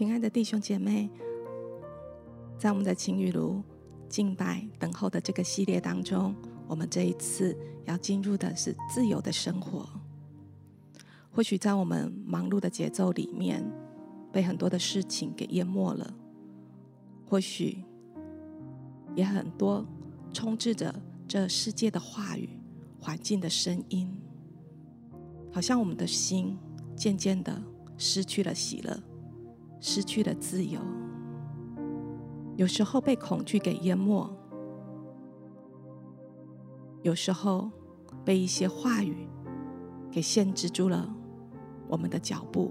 親愛的弟兄姐妹，在我們的青玉爐敬拜等候的這個系列當中，我們這一次要進入的是自由地生活。或許在我們忙碌的節奏裡面，被很多的事情給淹沒了；或許也很多充斥着這世界的話語、環境的聲音，好像我們的心漸漸的失去了喜樂。失去了自由，有時候被恐懼給淹沒，有時候被一些話語給限制住了我們的腳步，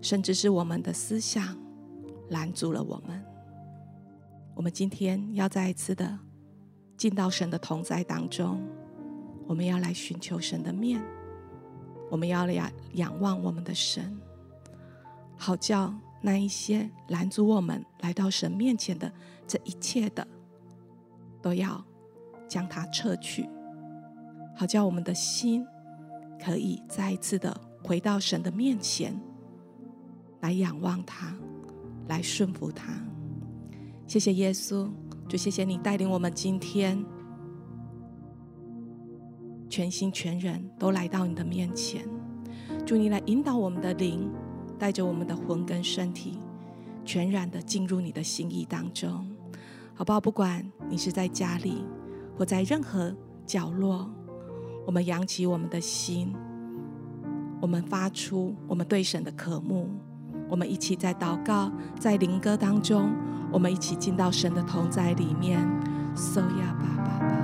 甚至是我們的思想攔住了我們。我們今天要再一次的進到神的同在當中，我們要來尋求神的面，我們要來仰仰望我們的神，好叫。那一些攔阻我們來到神面前的這一切的，都要將它撤去，好叫我們的心可以再一次的回到神的面前，來仰望他，來順服他。謝謝耶穌，就謝謝你帶領我們今天全心全人都來到你的面前，祝你來引導我們的靈，帶着我們的魂跟身體，全然的進入你的心意當中，好不好？不管你是在家裡或在任何角落，我們揚起我們的心，我們發出我們對神的渴慕，我們一起在禱告，在靈歌當中，我們一起進到神的同在裡面。搜呀巴巴。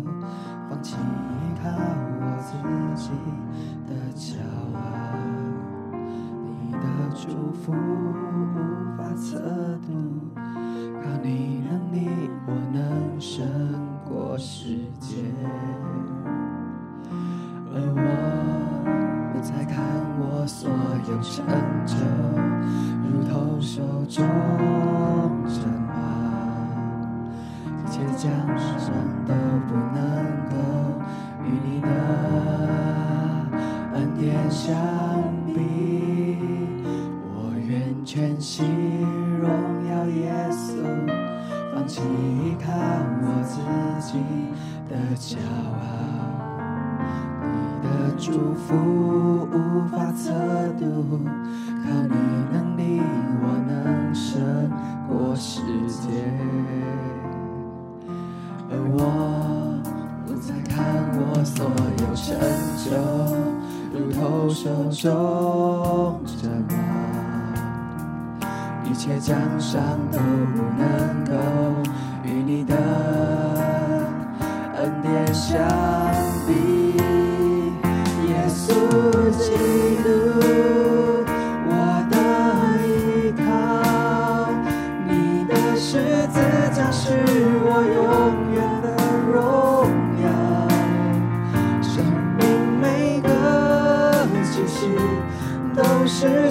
放棄依靠我自己的驕傲，你的祝福無法測度，靠你能力。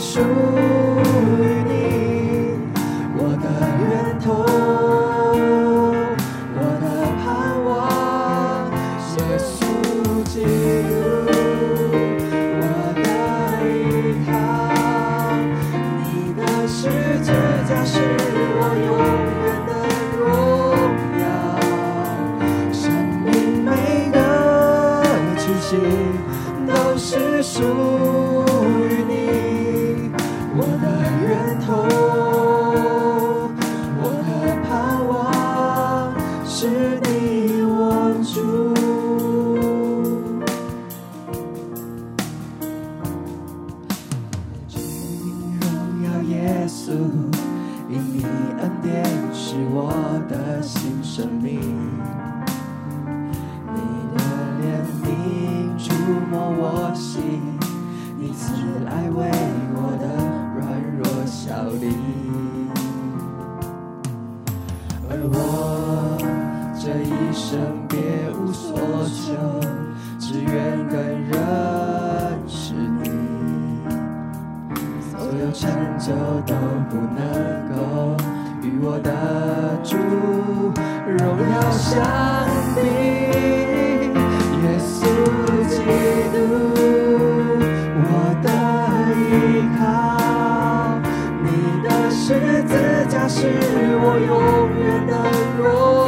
屬於你，我的源頭，我的盼望，耶穌基督，我的依靠，你的世界將是我永遠的榮耀，生命每個氣息都是屬於你。是我永遠的弱。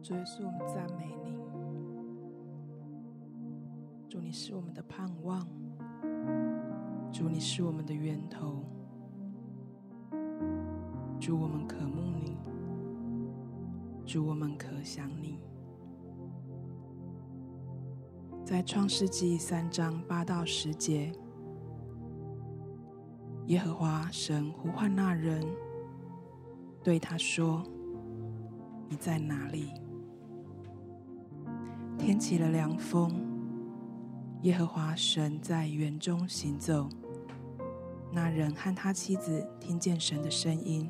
主耶穌，我們讚美你。主，你是我們的盼望；主，你是我們的源頭；主，我們渴慕你；主，我們可想你。在創世記三章八到十節，耶和華神呼喚那人，對他說：“你在哪裡？”天起了涼風，耶和華神在園中行走。那人和他妻子聽見神的聲音，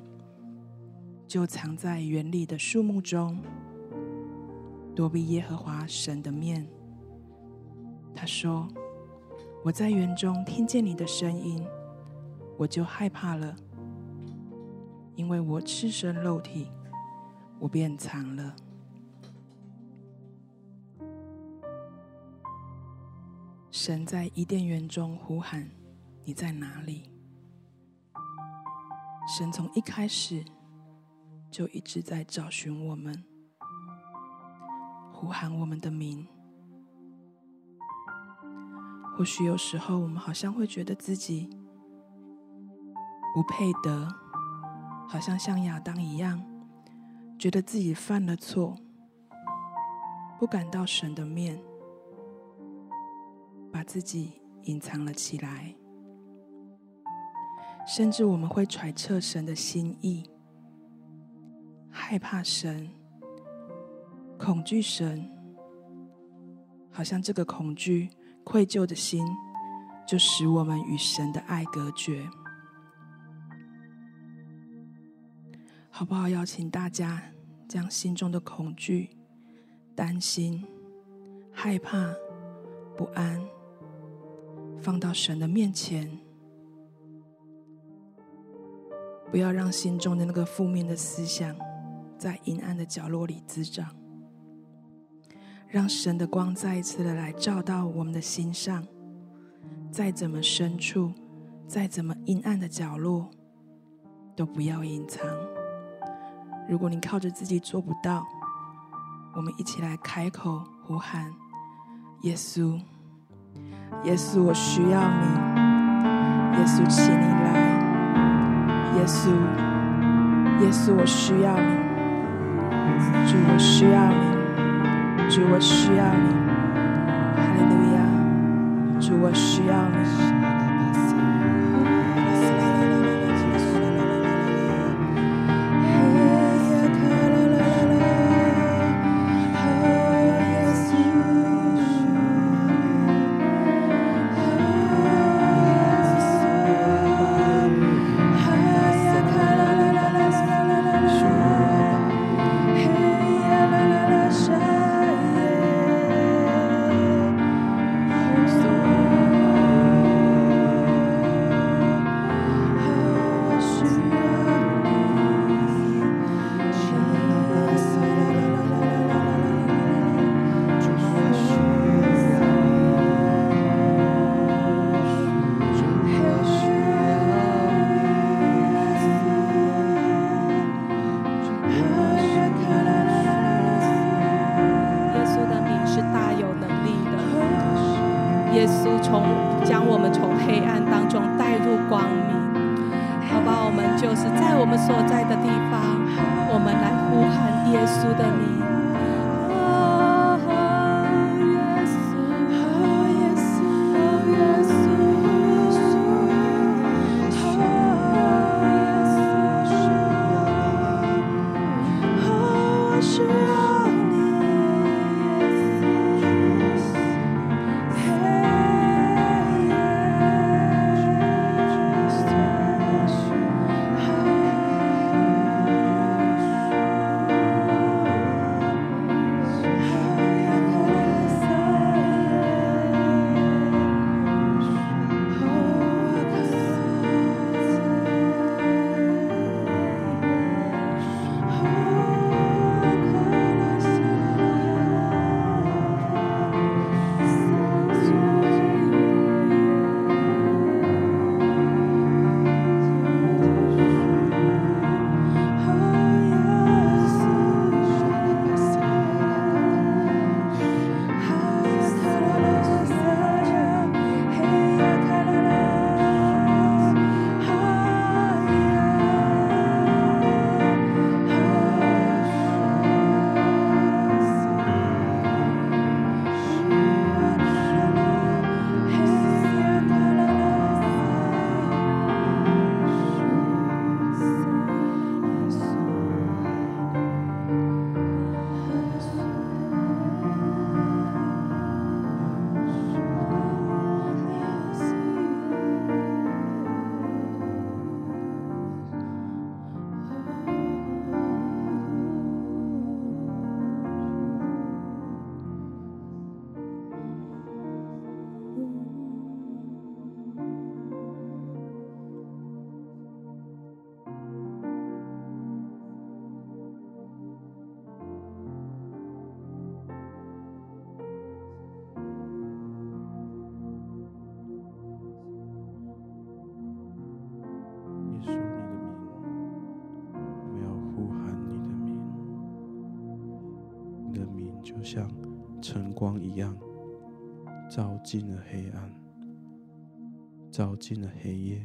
就藏在園裡的樹木中，躲避耶和華神的面。他說：“我在園中聽見你的聲音，我就害怕了，因為我赤身露體，我便藏了。”神在伊甸園中呼喊：“你在哪裡？”神從一開始就一直在找尋我們，呼喊我們的名。或許有時候，我們好像會覺得自己不配得，好像像亞當一樣，覺得自己犯了錯，不敢到神的面。把自己隱藏了起來，甚至我們會揣測神的心意，害怕神，恐懼神，好像這個恐懼、愧疚的心，就使我們與神的愛隔絕。好不好？邀請大家將心中的恐懼、擔心、害怕、不安。放到神的面前，不要讓心中的那個負面的思想在陰暗的角落裡滋長，讓神的光再一次的來，來照到我們的心上。再怎麼深處，再怎麼陰暗的角落，都不要隱藏。如果你靠着自己做不到，我們一起來開口呼喊耶穌。耶穌，我需要你，耶穌，請你來，耶穌，耶穌，我需要你，主我需要你，主我需要你，哈利路亞，主我需要你。照進了黑暗，照進了黑夜，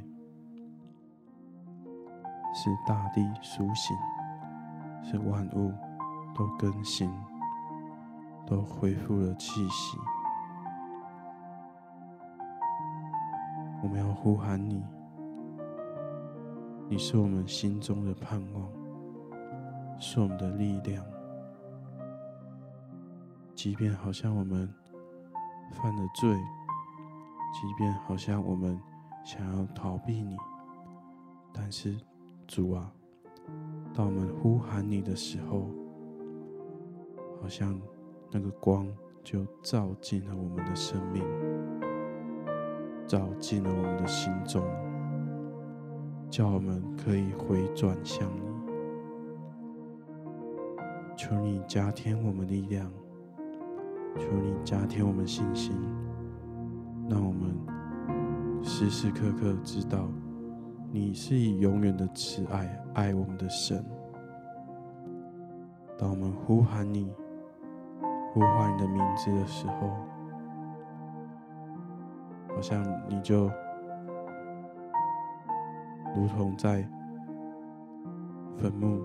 是大地甦醒，是萬物都更新，都恢復了氣息。我們要呼喊你，你是我們心中的盼望，是我們的力量。即便好像我們。犯了罪，即便好像我們想要逃避你，但是主啊，當我們呼喊你的時候，好像那個光就照進了我們的生命，照進了我們的心中，叫我們可以回轉向你。求你加添我們力量。求你加添我們信心，讓我們時時刻刻知道你是以永遠的慈愛愛我們的神。當我們呼喊你、呼喚你的名字的時候，好像你就如同在墳墓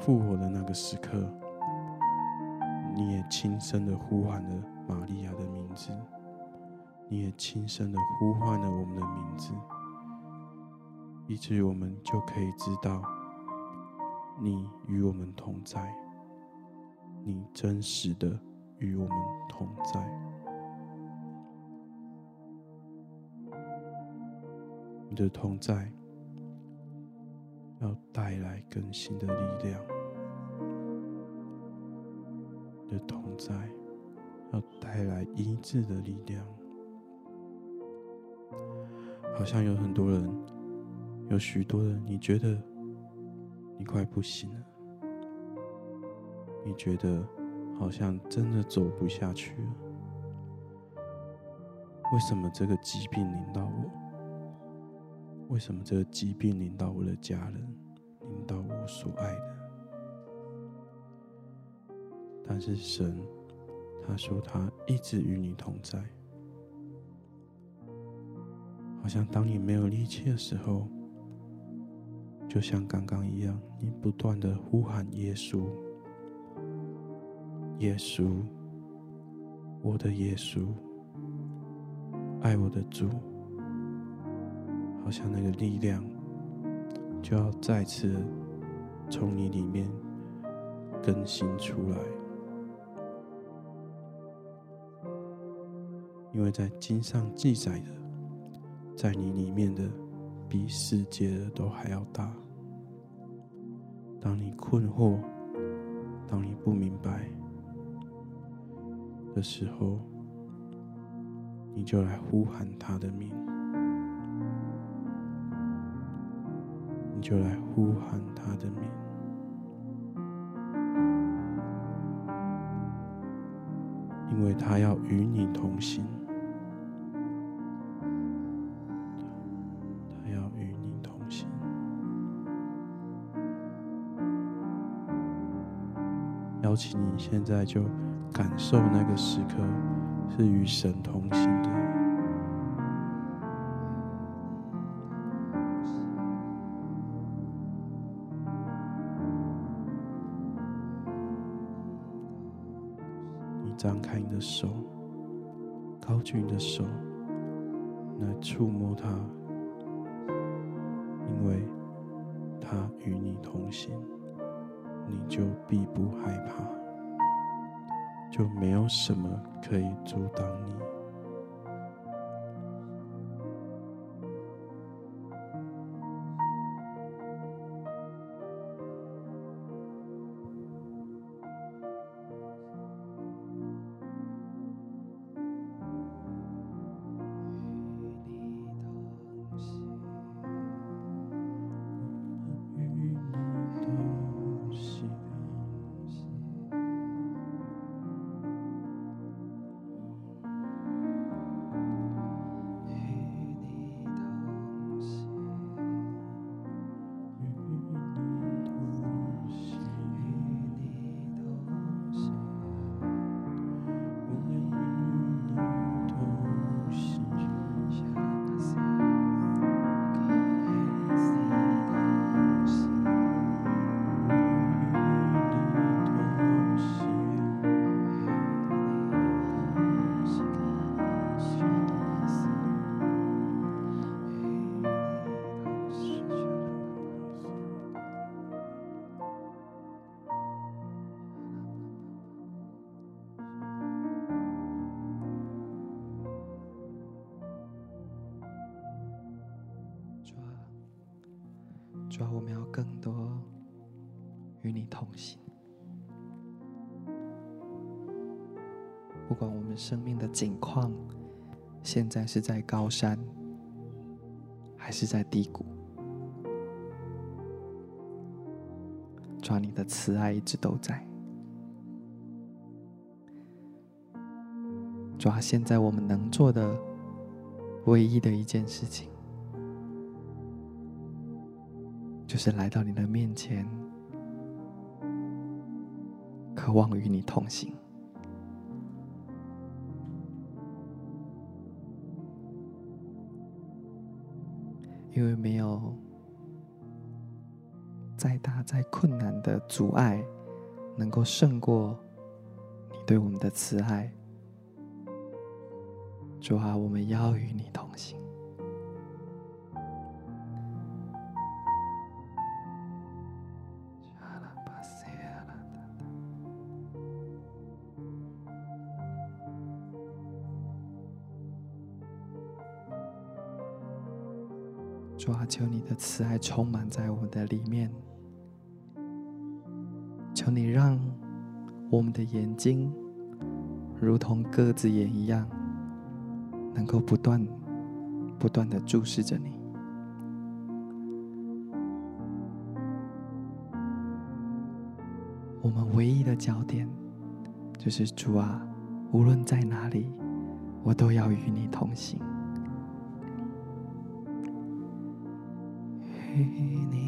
復活的那個時刻。你也輕聲的呼喊了瑪利亞的名字，你也輕聲的呼喚了我們的名字，以至於我們就可以知道，你與我們同在，你真實的與我們同在。你的同在要帶來更新的力量。同在，要帶來醫治的力量。好像有很多人，有許多人，你覺得你快不行了，你覺得好像真的走不下去了。為什麼這個疾病臨到我？為什麼這個疾病臨到我的家人，臨到我所愛的？但是神，他說他一直與你同在，好像當你沒有力氣的時候，就像剛剛一樣，你不斷的呼喊耶穌，耶穌，我的耶穌，愛我的主，好像那個力量就要再次從你裡面更新出來。因為在經上記載的，在你裡面的，比世界的都還要大。當你困惑，當你不明白的時候，你就來呼喊他的名，你就來呼喊他的名，因為他要與你同行。請你現在就感受那個時刻是與神同行的。你張開你的手，高舉你的手，來觸摸它。因為他與你同行。你就必不害怕，就沒有什麼可以阻擋你。主啊！主啊，我們要更多與你同行，不管我們生命的境況，現在是在高山還是在低谷，主啊，你的慈愛一直都在。主啊！現在我們能做的唯一的一件事情，就是來到你的面前，渴望與你同行，因為沒有再大再困難的阻礙能夠勝過你對我們的慈愛。主啊，我們要與你同行。求你的慈愛充滿在我的裡面。求你讓我們的眼睛如同鴿子眼一樣，能夠不斷不斷的注視着你。我們唯一的焦點就是主啊！無論在哪裡，我都要與你同行。與你。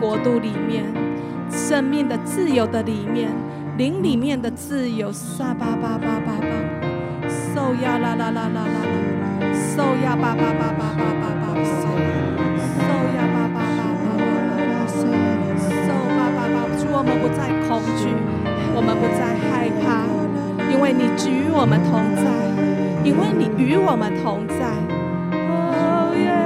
國度裡面，生命的自由的裡面，靈裡面的自由，撒巴巴巴巴巴，受壓啦啦啦啦啦啦，受壓巴巴巴巴巴巴巴，受壓巴巴巴巴啦啦啦，受巴巴巴。主，我們不再恐懼，我們不再害怕，因為你與我們同在，因為你與我們同在。Oh, yeah.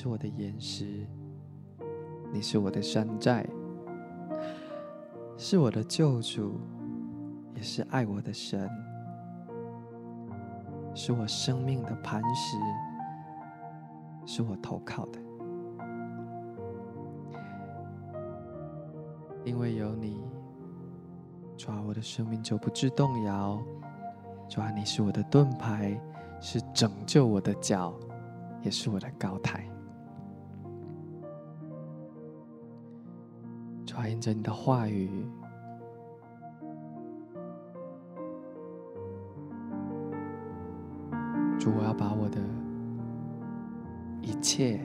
是我的岩石，你是我的山寨，是我的救主，也是愛我的神，是我生命的磐石，是我投靠的。因為有你，主啊，我的生命就不致動搖。主啊，你是我的盾牌，是拯救我的角，也是我的高台。回應着你的話語，主，我要把我的一切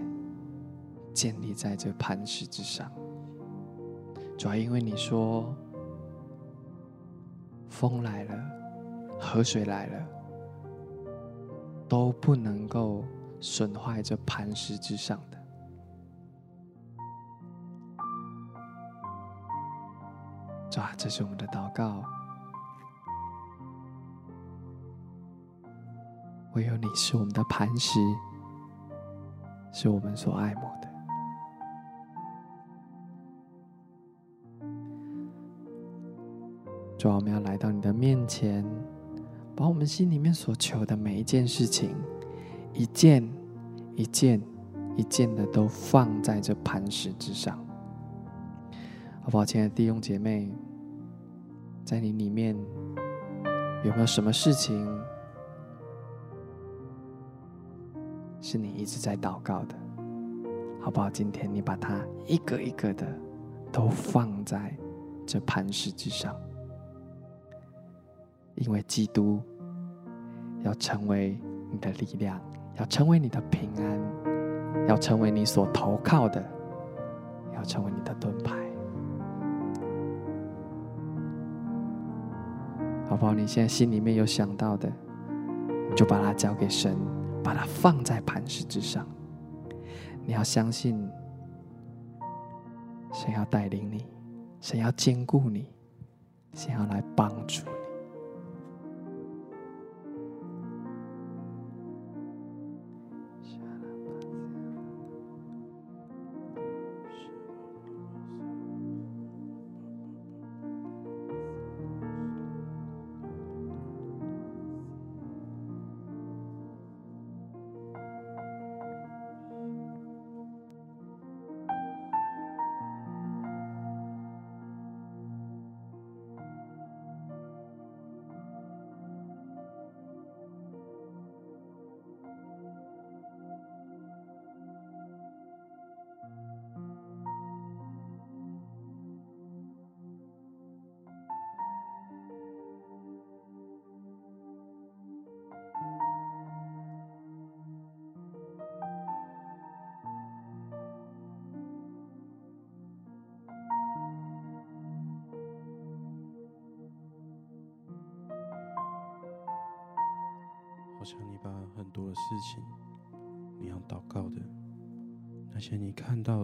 建立在這磐石之上。主要因為你說，風來了，河水來了，都不能夠損壞這磐石之上的。哇，這是我們的禱告。唯有你是我們的磐石，是我們所愛慕的。主，我們要來到你的面前，把我們心裡面所求的每一件事情，一件一件一件的，都放在這磐石之上。好不好？親愛的弟兄姐妹，在你裡面有沒有什麼事情是你一直在禱告的？好不好？今天你把它一個一個的都放在這磐石之上，因為基督要成為你的力量，要成為你的平安，要成為你所投靠的，要成為你的盾牌。好不好？你現在心裡面有想到的，你就把它交給神，把它放在磐石之上。你要相信，神要帶領你，神要堅固你，神要來幫助你。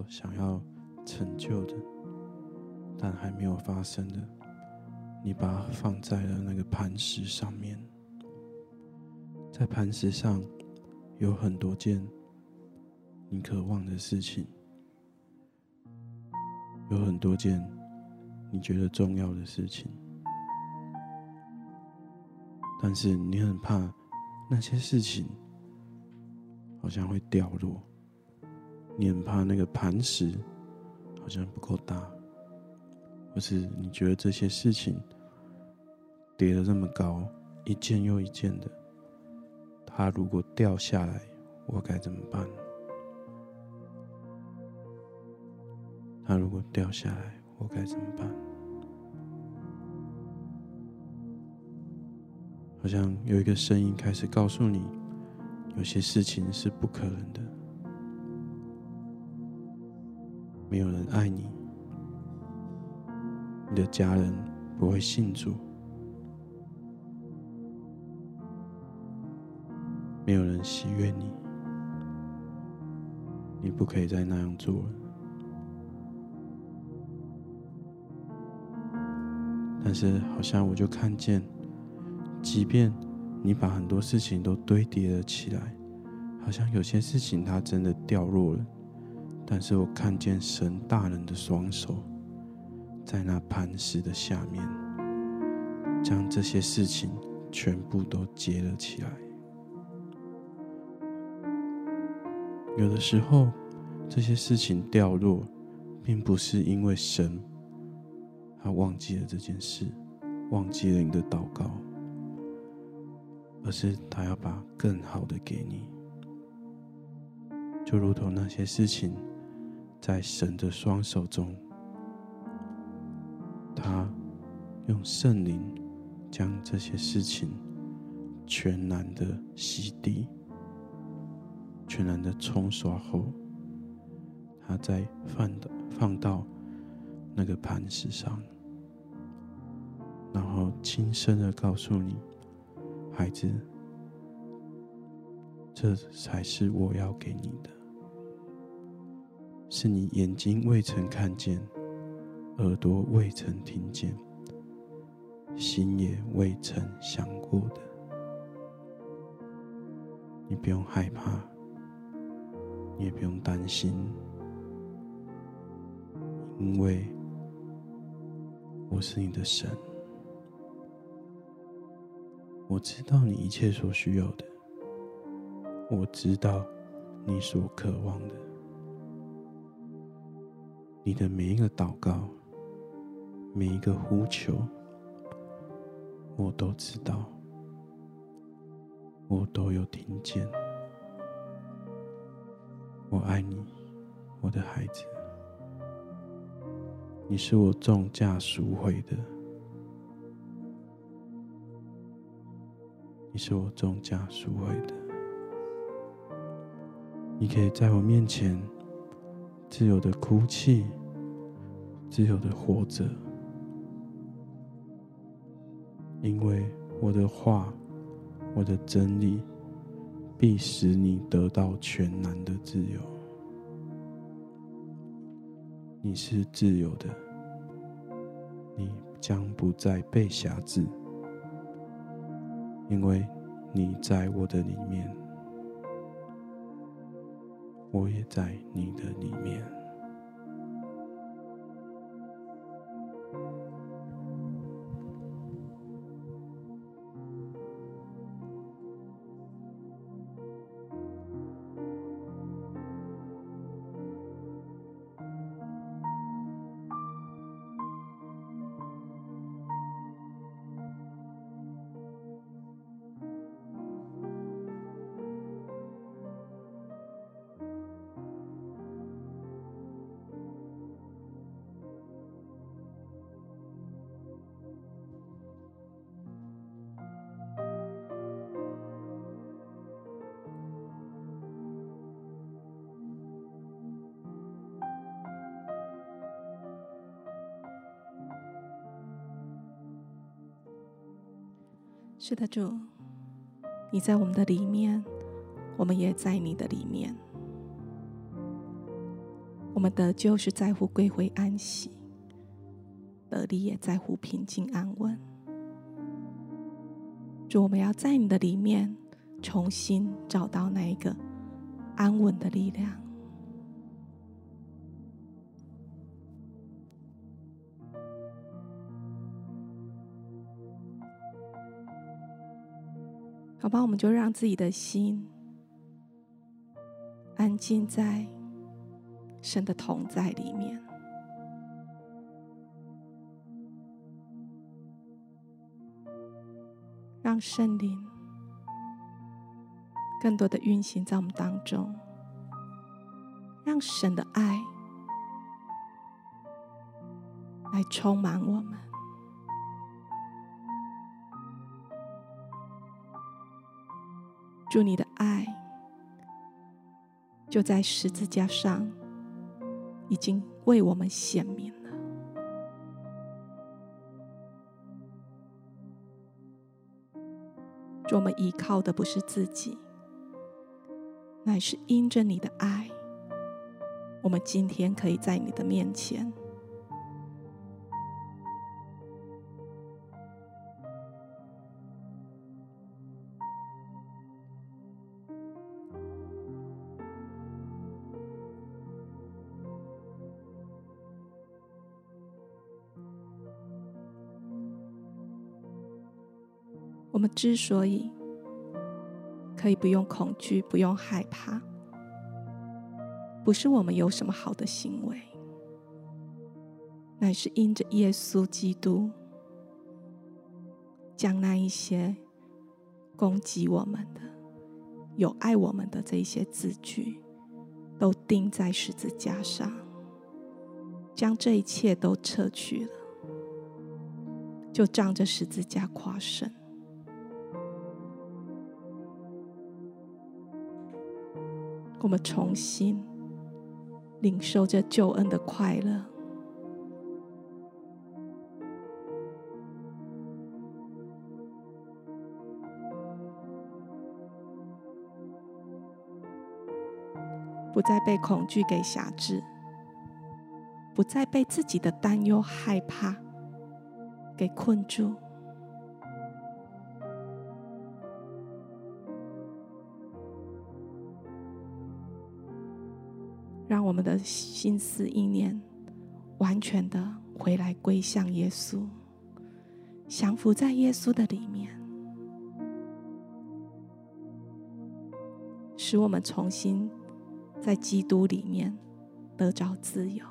想要成就的，但還沒有發生的，你把它放在了那個磐石上面。在磐石上有很多件你渴望的事情，有很多件你覺得重要的事情，但是你很怕那些事情好像會掉落。你很怕那個磐石好像不夠大，或是你覺得這些事情疊得這麼高，一件又一件的，它如果掉下來，我該怎麼辦？它如果掉下來，我該怎麼辦？好像有一個聲音開始告訴你，有些事情是不可能的。沒有人愛你，你的家人不會信主，沒有人喜悅你，你不可以再那樣做了。但是，好像我就看見，即便你把很多事情都堆疊了起來，好像有些事情它真的掉落了。但是我看見神大人的雙手，在那磐石的下面，將這些事情全部都接了起來。有的時候，這些事情掉落，並不是因為神他忘記了這件事，忘記了你的禱告，而是他要把更好的給你，就如同那些事情。在神的雙手中，他用聖靈將這些事情全然的洗滌、全然的沖刷後，他再放的放到那個磐石上，然後輕聲的告訴你，孩子，這才是我要給你的。是你眼睛未曾看見，耳朵未曾聽見，心也未曾想過的。你不用害怕，你也不用擔心，因為我是你的神。我知道你一切所需要的，我知道你所渴望的。你的每一個禱告，每一個呼求，我都知道，我都有聽見。我愛你，我的孩子，你是我重價贖回的，你是我重價贖回的。你可以在我面前自由的哭泣。自由地活着，因為我的話，我的真理，必使你得到全然的自由。你是自由的，你將不再被轄制，因為你在我的裡面，我也在你的裡面。是的，主，你在我們的裡面，我們也在你的裡面。我們得救是在乎歸回安息，得力也在乎平靜安穩。主，我們要在你的裡面重新找到那一個安穩的力量。那我們就讓自己的心安靜在神的同在裡面，讓聖靈更多的運行在我們當中，讓神的愛來充滿我們。祝你的愛就在十字架上，已經為我們顯明了。祝我們依靠的不是自己，乃是因着你的愛，我們今天可以在你的面前。之所以可以不用恐懼、不用害怕，不是我們有什麼好的行為，乃是因着耶穌基督將那一些攻擊我們的、有愛我們的這一些字句，都釘在十字架上，將這一切都撤去了，就仗着十字架誇勝。我們重新領受着救恩的快樂，不再被恐懼給轄制，不再被自己的擔憂、害怕給困住。我們的心思意念完全的回來歸向耶穌，降服在耶穌的裡面，使我們重新在基督裡面得着自由。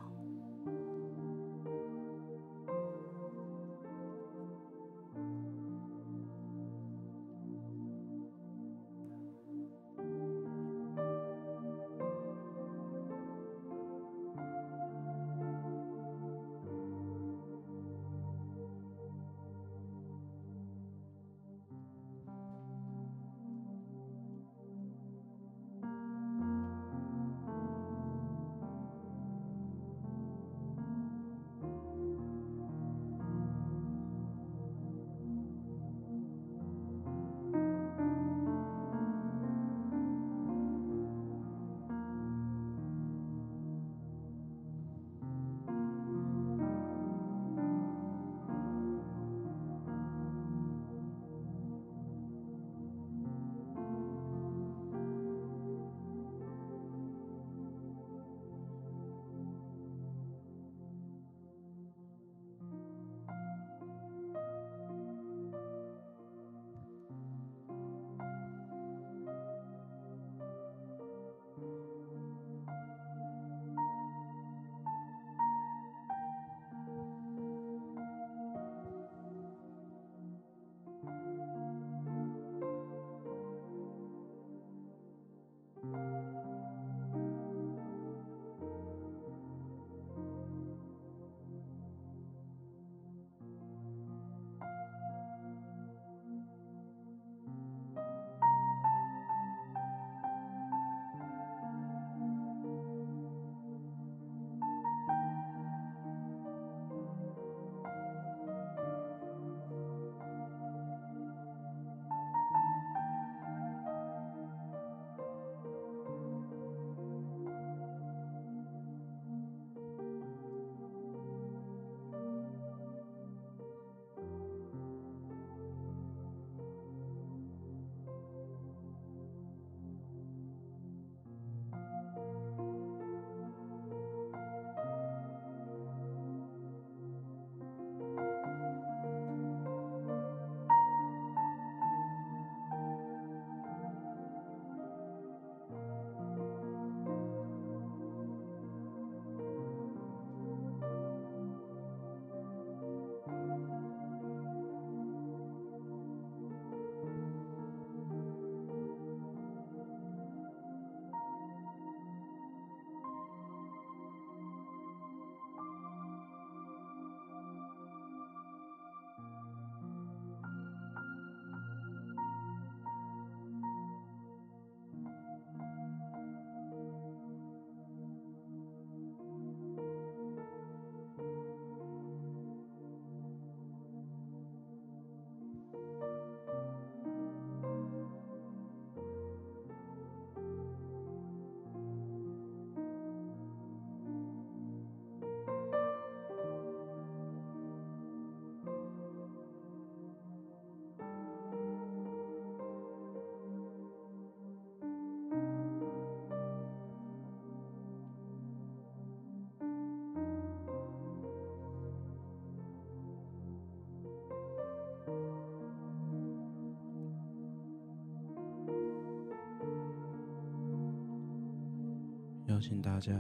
我希望大家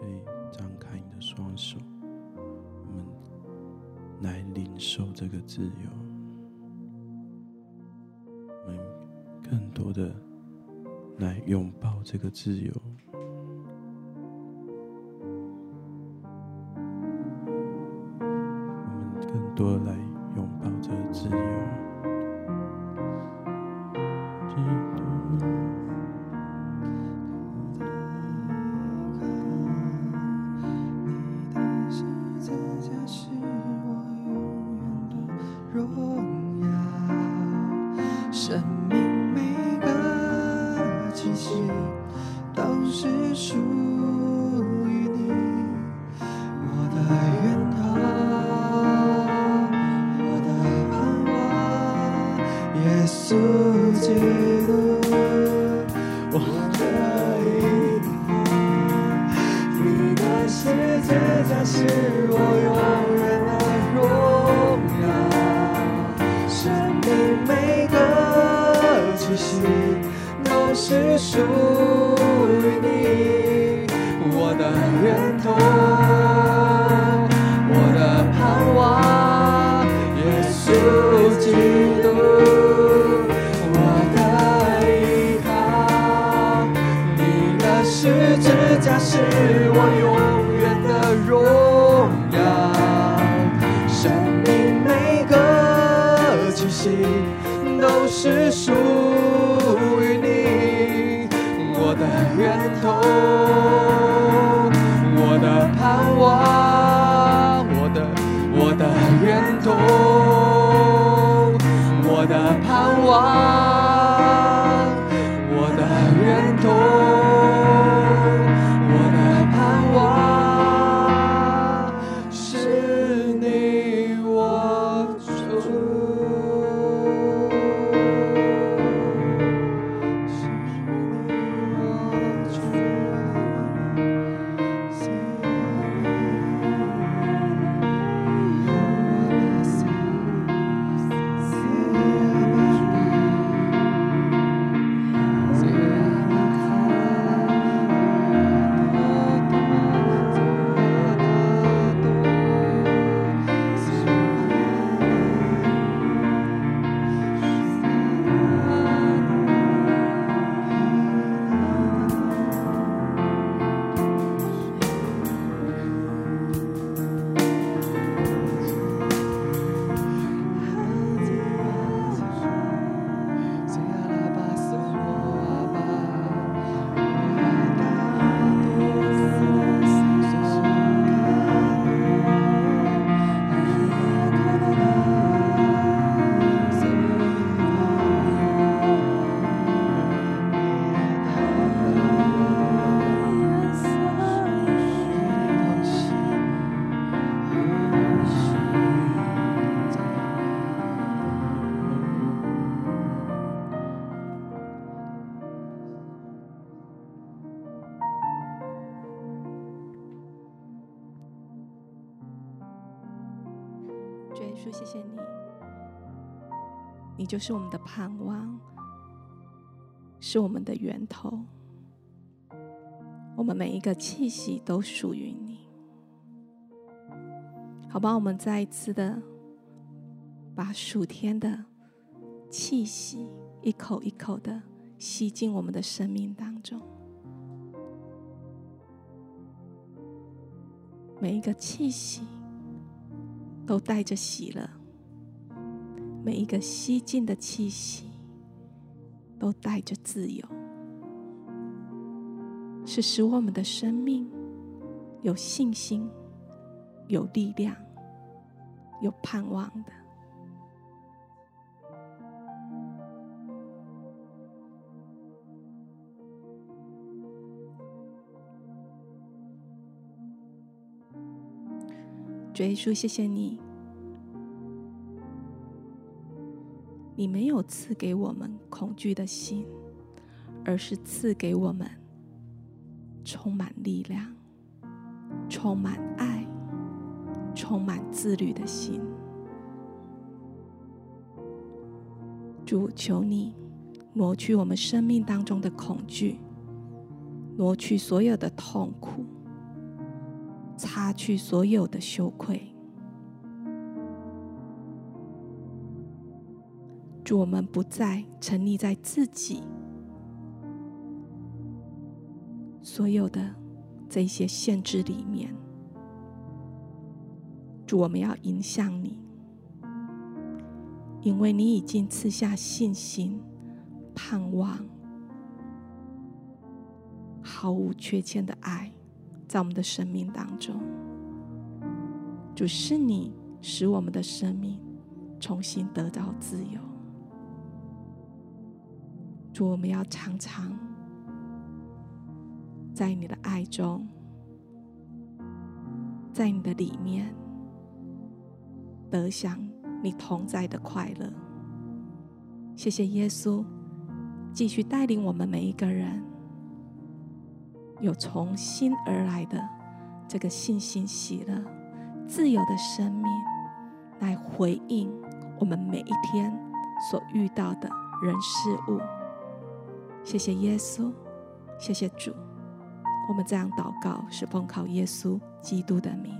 可以張開你的雙手，我們來領受這個自由，我們更多的來擁抱這個自由，我們更多的來。謝謝你，你就是我們的盼望，是我們的源頭。我們每一個氣息都屬於你，好吧，我們再一次的把屬天的氣息一口一口的吸進我們的生命當中，每一個氣息，都帶着喜樂，每一個吸進的氣息都帶着自由，是使我們的生命有信心、有力量、有盼望的。主耶穌，謝謝你，你沒有賜給我們恐懼的心，而是賜給我們充滿力量、充滿愛、充滿自律的心。主，求你抹去我們生命當中的恐懼，抹去所有的痛苦。擦去所有的羞愧，祝我們不再沉溺在自己所有的這些限制裡面。祝我們要迎向你，因為你已經賜下信心、盼望、毫無缺欠的愛。在我們的生命當中，主是，你使我們的生命重新得到自由。主，我們要常常在你的愛中，在你的裡面得享你同在的快樂。謝謝耶穌，繼續帶領我們每一個人。有從心而來的這個信心、喜樂、自由的生命，來回應我們每一天所遇到的人事物。謝謝耶穌，謝謝主，我們這樣禱告是奉靠耶穌基督的名。